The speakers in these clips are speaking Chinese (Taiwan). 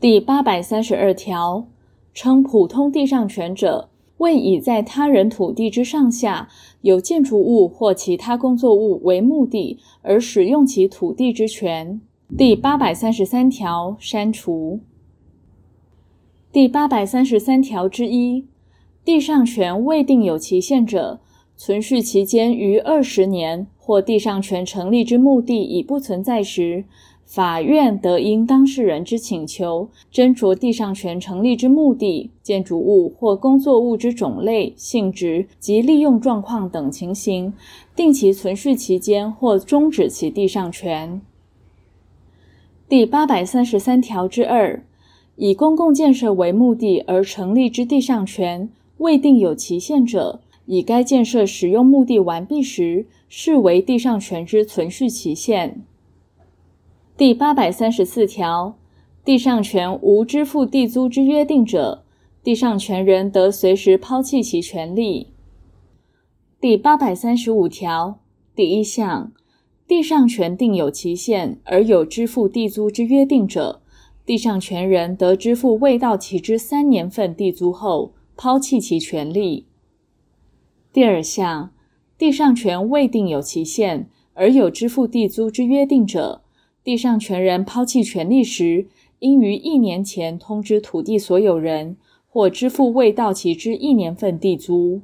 第八百三十二條，稱普通地上權者，謂以在他人土地之上下有建築物或其他工作物為目的而使用其土地之權。第八百三十三條刪除。第八百三十三條之一，地上權未定有期限者，存續期間逾二十年或地上權成立之目的已不存在時。法院得因當事人之請求，斟酌地上權成立之目的、建築物或工作物之種類、性質及利用狀況等情形，定其存續期間或終止其地上權。第八百三十三條之二，2, 以公共建設為目的而成立之地上權，未定有期限者，以該建設使用目的完畢時，視為地上權之存續期限。第八百三十四條，地上權無支付地租之約定者，地上權人得隨時拋棄其權利。第八百三十五條第一項，地上權定有期限而有支付地租之約定者，地上權人得支付未到期之三年份地租後拋棄其權利。第二項，地上權未定有期限而有支付地租之約定者。地上權人拋棄權利時，應於一年前通知土地所有人，或支付未到期之一年份地租。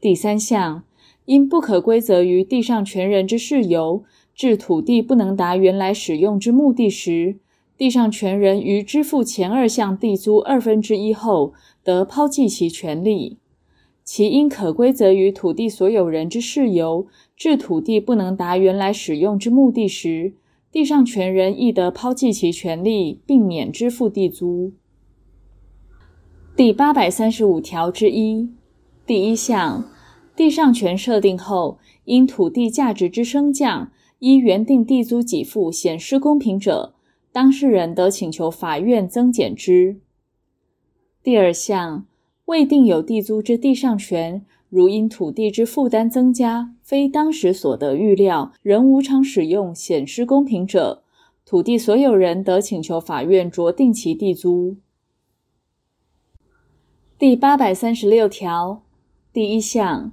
第三項，因不可歸責於地上權人之事由，致土地不能達原來使用之目的時，地上權人於支付前二項地租二分之一後，得拋棄其權利。其因可歸責於土地所有人之事由，致土地不能達原來使用之目的時，地上權人亦得拋棄其權利，並免支付地租。第八百三十五條之一第一項，地上權設定後，因土地價值之升降，依原定地租給付顯失公平者，當事人得請求法院增減之。第二項。未定有地租之地上權，如因土地之負擔增加，非當時所得預料，仍無償使用顯失公平者，土地所有人得請求法院酌定其地租。第八百三十六條第一項，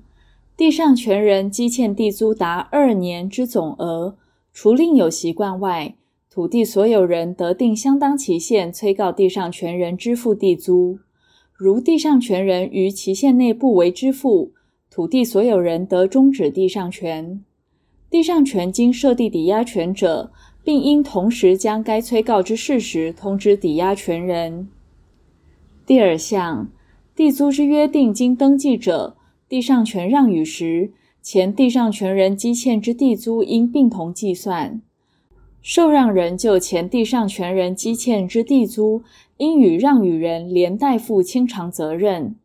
地上權人積欠地租達二年之總額，除另有習慣外，土地所有人得定相當期限催告地上權人支付地租。如地上權人於期限內不為支付，土地所有人得終止地上權。地上權經設定抵押權者，並應同時將該催告之事實通知抵押權人。第二項，地租之約定經登記者，地上權讓與時，前地上權人積欠之地租應併同計算。受讓人就前地上權人積欠之地租。應與讓與人連帶負清償責任。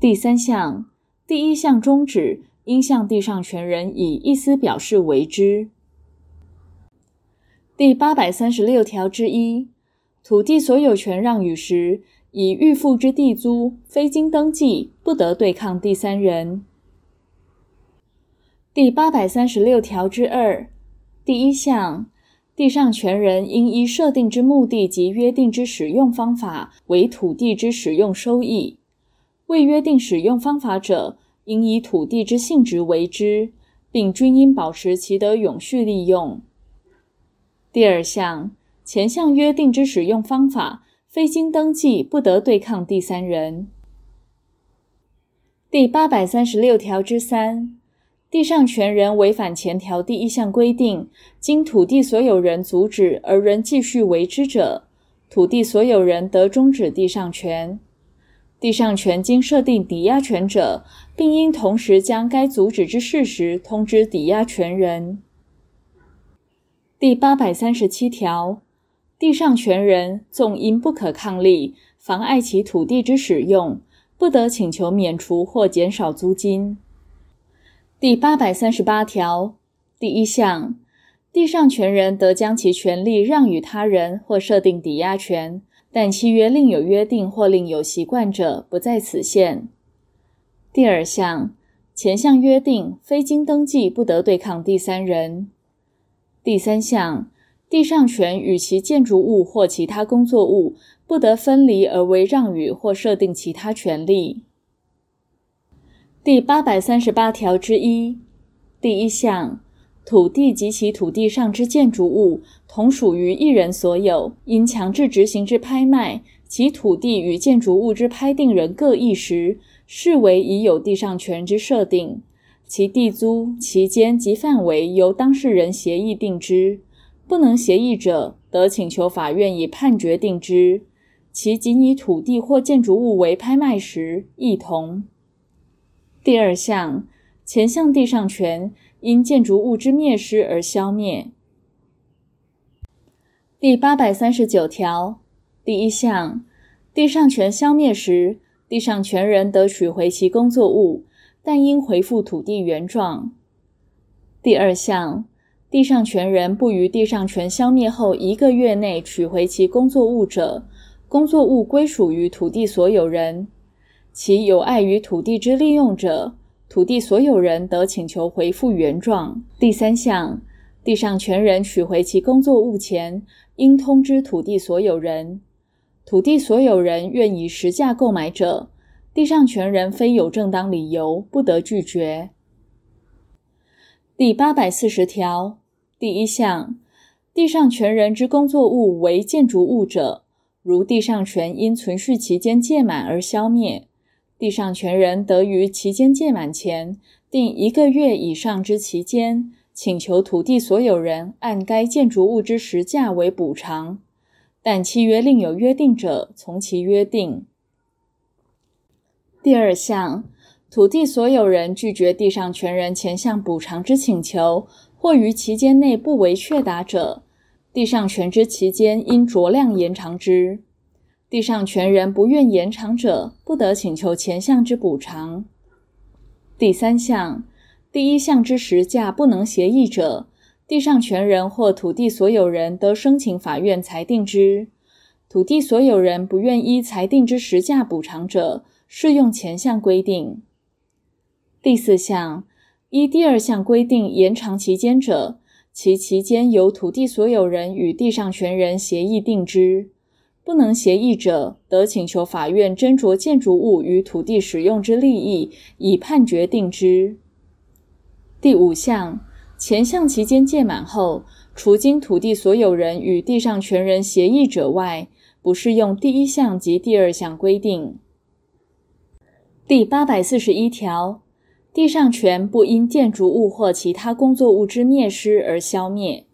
第三項，第一項終止應向地上權人以意思表示為之。第八百三十六條之一，土地所有權讓與時，以預付之地租，非經登記不得對抗第三人。第八百三十六條之二，第一項。地上權人應依設定之目的及約定之使用方法為土地之使用收益；未約定使用方法者，應以土地之性質為之，並均應保持其得永續利用。第二項，前項約定之使用方法，非經登記不得對抗第三人。第八百三十六條之三。地上權人違反前條第一項規定，經土地所有人阻止而仍繼續為之者，土地所有人得終止地上權。地上權經設定抵押權者，並應同時將該阻止之事實通知抵押權人。第八百三十七條，地上權人縱因不可抗力妨礙其土地之使用，不得請求免除或減少租金。第八百三十八條第一項，地上權人得將其權利讓與他人或設定抵押權，但契約另有約定或另有習慣者不在此限。第二項，前項約定，非經登記不得對抗第三人。第三項，地上權與其建築物或其他工作物不得分離而為讓與或設定其他權利。第八百三十八條之一，第一項，土地及其土地上之建築物同屬於一人所有，因強制執行之拍賣，其土地與建築物之拍定人各異時，視為已有地上權之設定，其地租、期間及範圍由當事人協議定之，不能協議者，得請求法院以判決定之，其僅以土地或建築物為拍賣時，亦同。第二項，前項地上權因建築物之滅失而消滅。第八百三十九條第一項，地上權消滅時，地上權人得取回其工作物，但應回復土地原狀。第二項，地上權人不於地上權消滅後一個月內取回其工作物者，工作物歸屬於土地所有人。其有礙於土地之利用者，土地所有人得請求回復原狀。第三項，地上權人取回其工作物前，應通知土地所有人。土地所有人願以時價購買者，地上權人非有正當理由不得拒絕。第八百四十條第一項，地上權人之工作物為建築物者，如地上權因存續期間屆滿而消滅，地上權人得於期間屆滿前，定一個月以上之期間，請求土地所有人按該建築物之時價為補償，但契約另有約定者，從其約定。第二項，土地所有人拒絕地上權人前項補償之請求，或於期間內不為確答者，地上權之期間應酌量延長之。地上權人不願延長者，不得請求前項之補償。第三項，第一項之時價不能協議者，地上權人或土地所有人得聲請法院裁定之。土地所有人不願依裁定之時價補償者，適用前項規定。第四項，依第二項規定延長期間者，其期間由土地所有人與地上權人協議定之，不能協議者，得請求法院斟酌建築物與土地使用之利益，以判決定之。第五項，前項期間屆滿後，除經土地所有人與地上權人協議者外，不適用第一項及第二項規定。第八百四十一條，地上權不因建築物或其他工作物之滅失而消滅。